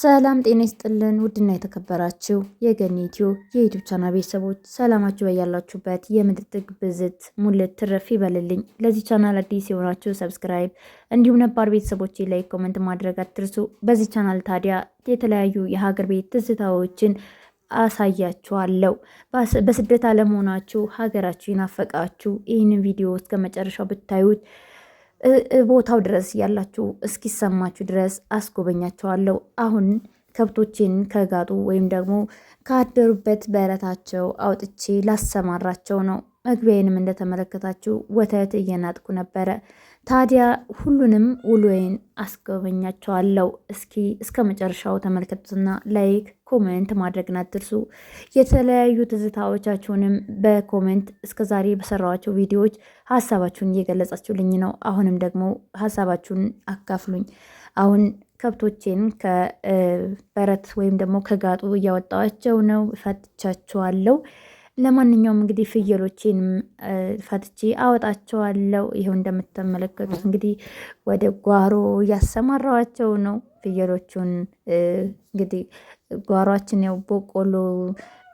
ሰላም ጤና ይስጥልን ውድና የተከበራችሁ የገኒ ኢትዮ የዩቲዩብ ቻናል ቤተሰቦች ሰላማችሁ በያላችሁበት የምድርጥግ ብዝት ሙልት ትረፍ ይበልልኝ። ለዚህ ቻናል አዲስ የሆናችሁ ሰብስክራይብ፣ እንዲሁም ነባር ቤተሰቦች ላይ ኮመንት ማድረግ አትርሱ። በዚህ ቻናል ታዲያ የተለያዩ የሀገር ቤት ትዝታዎችን አሳያችኋለሁ። በስደት አለመሆናችሁ ሀገራችሁ ይናፈቃችሁ ይህንን ቪዲዮ እስከ መጨረሻው ብታዩት ቦታው ድረስ ያላችሁ እስኪሰማችሁ ድረስ አስጎበኛቸዋለሁ። አሁን ከብቶችን ከጋጡ ወይም ደግሞ ካደሩበት በረታቸው አውጥቼ ላሰማራቸው ነው። መግቢያዬንም እንደተመለከታችሁ ወተት እየናጥኩ ነበረ። ታዲያ ሁሉንም ውሎዬን አስጎበኛቸዋለሁ። እስኪ እስከ መጨረሻው ተመልከቱትና ላይክ ኮመንት ማድረግን አትርሱ። የተለያዩ ትዝታዎቻችሁንም በኮመንት እስከዛሬ በሰራኋቸው ቪዲዮዎች ሀሳባችሁን እየገለጻችሁልኝ ነው። አሁንም ደግሞ ሀሳባችሁን አካፍሉኝ። አሁን ከብቶቼን ከበረት ወይም ደግሞ ከጋጡ እያወጣኋቸው ነው። ፈትቻችኋለሁ። ለማንኛውም እንግዲህ ፍየሎቼን ፈትቼ አወጣቸዋለሁ። ይኸው እንደምትመለከቱት እንግዲህ ወደ ጓሮ እያሰማራዋቸው ነው። ፍየሎቹን እንግዲህ ጓሯችን ያው በቆሎ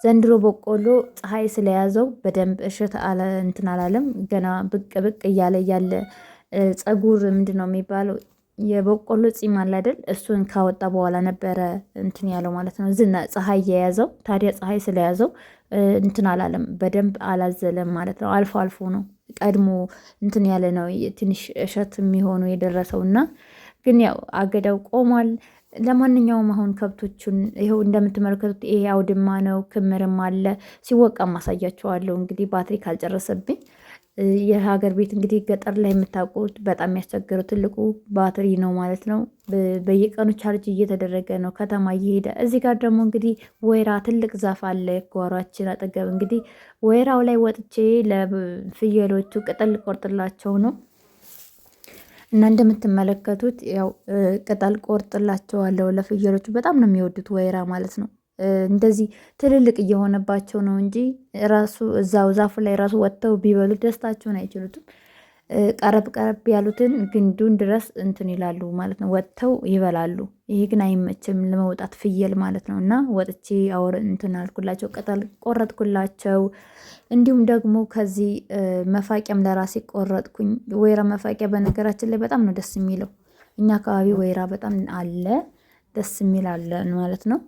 ዘንድሮ በቆሎ ፀሐይ ስለያዘው በደንብ እሽት አለ እንትን አላለም። ገና ብቅ ብቅ እያለ ያለ ፀጉር ምንድን ነው የሚባለው የበቆሎ ፂም አለ አይደል? እሱን ካወጣ በኋላ ነበረ እንትን ያለው ማለት ነው። ዝና ፀሐይ የያዘው ታዲያ ፀሐይ ስለያዘው እንትን አላለም፣ በደንብ አላዘለም ማለት ነው። አልፎ አልፎ ነው ቀድሞ እንትን ያለ ነው ትንሽ እሸት የሚሆኑ የደረሰው እና ግን ያው አገዳው ቆሟል። ለማንኛውም አሁን ከብቶቹን ይኸው እንደምትመለከቱት ይሄ አውድማ ነው፣ ክምርም አለ። ሲወቃም ማሳያቸዋለሁ። እንግዲህ ባትሪ ካልጨረሰብኝ የሀገር ቤት እንግዲህ ገጠር ላይ የምታውቁት በጣም ያስቸገረው ትልቁ ባትሪ ነው ማለት ነው። በየቀኑ ቻርጅ እየተደረገ ነው ከተማ እየሄደ። እዚህ ጋር ደግሞ እንግዲህ ወይራ ትልቅ ዛፍ አለ ጓሯችን አጠገብ። እንግዲህ ወይራው ላይ ወጥቼ ለፍየሎቹ ቅጠል ቆርጥላቸው ነው እና እንደምትመለከቱት ያው ቅጠል ቆርጥላቸዋለሁ ለፍየሎቹ በጣም ነው የሚወዱት ወይራ ማለት ነው። እንደዚህ ትልልቅ እየሆነባቸው ነው እንጂ ራሱ እዛው ዛፉ ላይ ራሱ ወጥተው ቢበሉት ደስታቸውን አይችሉትም። ቀረብ ቀረብ ያሉትን ግንዱን ድረስ እንትን ይላሉ ማለት ነው፣ ወጥተው ይበላሉ። ይሄ ግን አይመችም ለመውጣት ፍየል ማለት ነው። እና ወጥቼ አወር እንትን አልኩላቸው፣ ቅጠል ቆረጥኩላቸው። እንዲሁም ደግሞ ከዚህ መፋቂያም ለራሴ ቆረጥኩኝ። ወይራ መፋቂያ በነገራችን ላይ በጣም ነው ደስ የሚለው። እኛ አካባቢ ወይራ በጣም አለ፣ ደስ የሚል አለ ማለት ነው።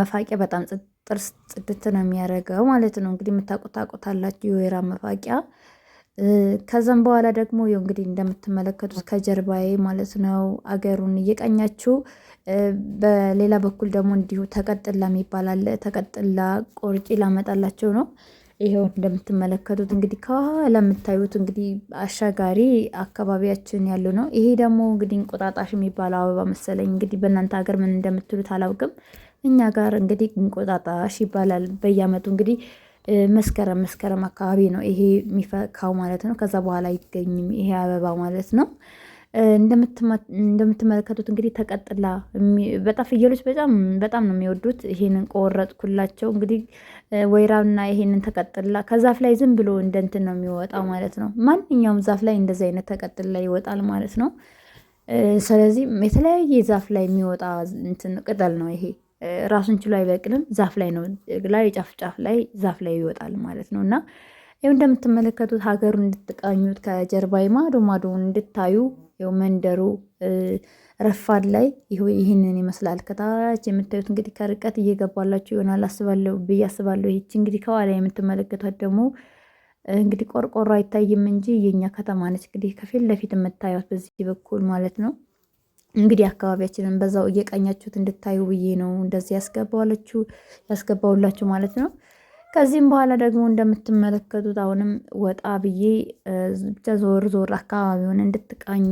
መፋቂያ በጣም ጥርስ ጽድት ነው የሚያደርገው ማለት ነው። እንግዲህ የምታውቁት ታውቁታላችሁ የወይራ መፋቂያ ከዛም በኋላ ደግሞ ይኸው እንግዲህ እንደምትመለከቱት ከጀርባዬ ማለት ነው አገሩን እየቀኛችሁ፣ በሌላ በኩል ደግሞ እንዲሁ ተቀጥላ የሚባላል ተቀጥላ ቆርጪ ላመጣላቸው ነው። ይኸው እንደምትመለከቱት እንግዲህ ከኋላ የምታዩት እንግዲህ አሻጋሪ አካባቢያችን ያሉ ነው። ይሄ ደግሞ እንግዲህ እንቁጣጣሽ የሚባለው አበባ መሰለኝ። እንግዲህ በእናንተ ሀገር ምን እንደምትሉት አላውቅም። እኛ ጋር እንግዲህ እንቁጣጣሽ ይባላል። በየአመቱ እንግዲህ መስከረም መስከረም አካባቢ ነው ይሄ የሚፈካው ማለት ነው። ከዛ በኋላ አይገኝም ይሄ አበባ ማለት ነው። እንደምትመለከቱት እንግዲህ ተቀጥላ በጣም ፍየሎች በጣም በጣም ነው የሚወዱት። ይሄንን ቆረጥኩላቸው እንግዲህ ወይራና ይሄንን ተቀጥላ ከዛፍ ላይ ዝም ብሎ እንደንትን ነው የሚወጣው ማለት ነው። ማንኛውም ዛፍ ላይ እንደዚህ አይነት ተቀጥላ ይወጣል ማለት ነው። ስለዚህ የተለያየ ዛፍ ላይ የሚወጣ እንትን ቅጠል ነው ይሄ። ራሱን ችሎ አይበቅልም። ዛፍ ላይ ነው ላይ ጫፍ ጫፍ ላይ ዛፍ ላይ ይወጣል ማለት ነው እና ይኸው እንደምትመለከቱት ሀገሩን እንድትቃኙት ከጀርባ ማዶ ማዶውን እንድታዩ ይኸው መንደሩ ረፋድ ላይ ይህንን ይመስላል። ከታች የምታዩት እንግዲህ ከርቀት እየገባላችሁ ይሆናል አስባለሁ ብዬ አስባለሁ። ይቺ እንግዲህ ከኋላ የምትመለከቷት ደግሞ እንግዲህ ቆርቆሮ አይታይም እንጂ የኛ ከተማ ነች። እንግዲህ ከፊት ለፊት የምታዩት በዚህ በኩል ማለት ነው። እንግዲህ አካባቢያችንን በዛው እየቀኛችሁት እንድታዩ ብዬ ነው እንደዚህ ያስገባዋለችሁ ያስገባውላችሁ ማለት ነው። ከዚህም በኋላ ደግሞ እንደምትመለከቱት አሁንም ወጣ ብዬ ብቻ ዞር ዞር አካባቢውን እንድትቃኙ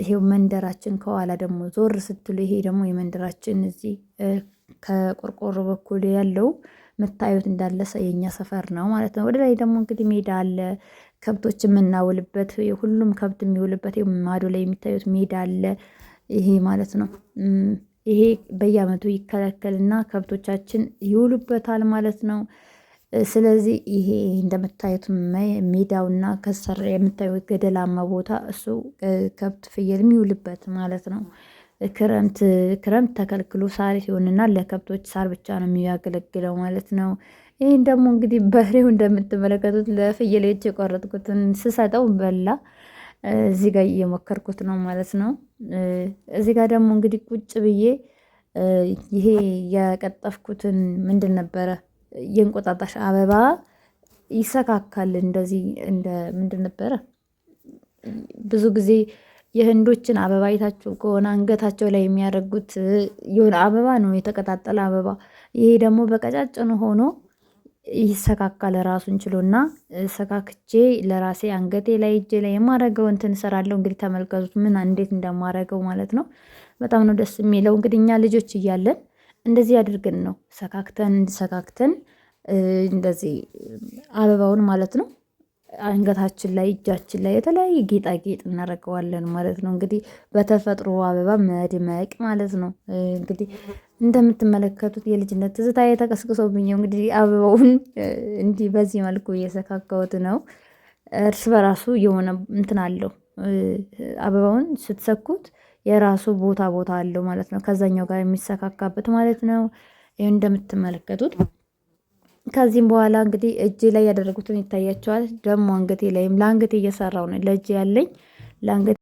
ይሄው መንደራችን ከኋላ ደግሞ ዞር ስትሉ ይሄ ደግሞ የመንደራችን እዚህ ከቆርቆሮ በኩል ያለው የምታዩት እንዳለ የእኛ ሰፈር ነው ማለት ነው። ወደ ላይ ደግሞ እንግዲህ ሜዳ አለ፣ ከብቶች የምናውልበት ሁሉም ከብት የሚውልበት ማዶ ላይ የሚታዩት ሜዳ አለ። ይሄ ማለት ነው። ይሄ በየአመቱ ይከለከልና ከብቶቻችን ይውሉበታል ማለት ነው። ስለዚህ ይሄ እንደምታዩት ሜዳውና ከሰር የምታዩት ገደላማ ቦታ እሱ ከብት ፍየል የሚውልበት ማለት ነው። ክረምት ክረምት ተከልክሎ ሳር ሲሆንና ለከብቶች ሳር ብቻ ነው የሚያገለግለው ማለት ነው። ይህን ደግሞ እንግዲህ በሬው እንደምትመለከቱት ለፍየሌች የቆረጥኩትን ስሰጠው በላ። እዚህ ጋ እየሞከርኩት ነው ማለት ነው። እዚህ ጋ ደግሞ እንግዲህ ቁጭ ብዬ ይሄ የቀጠፍኩትን ምንድን ነበረ የእንቁጣጣሽ አበባ ይሰካካል እንደዚህ እንደ ምንድን ነበረ ብዙ ጊዜ የህንዶችን አበባ አይታችሁ ከሆነ አንገታቸው ላይ የሚያደርጉት የሆነ አበባ ነው፣ የተቀጣጠለ አበባ። ይሄ ደግሞ በቀጫጭኑ ሆኖ ይሰካካል ራሱን ችሎና ሰካክቼ ለራሴ አንገቴ ላይ እጄ ላይ የማረገው እንትን እሰራለሁ። እንግዲህ ተመልከቱት ምን እንዴት እንደማደርገው ማለት ነው። በጣም ነው ደስ የሚለው። እንግዲህ እኛ ልጆች እያለን እንደዚህ አድርገን ነው ሰካክተን ሰካክተን እንደዚህ አበባውን ማለት ነው አንገታችን ላይ እጃችን ላይ የተለያየ ጌጣጌጥ እናደርገዋለን ማለት ነው። እንግዲህ በተፈጥሮ አበባ መድመቅ ማለት ነው። እንግዲህ እንደምትመለከቱት የልጅነት ትዝታ የተቀስቅሶብኝ እንግዲህ አበባውን እንዲህ በዚህ መልኩ እየሰካከውት ነው። እርስ በራሱ የሆነ እንትን አለው። አበባውን ስትሰኩት የራሱ ቦታ ቦታ አለው ማለት ነው። ከዛኛው ጋር የሚሰካካበት ማለት ነው። ይህ እንደምትመለከቱት ከዚህም በኋላ እንግዲህ እጅ ላይ ያደረጉትን ይታያቸዋል። ደግሞ አንገቴ ላይም ለአንገቴ እየሰራው ነው ለእጅ ያለኝ ለአንገቴ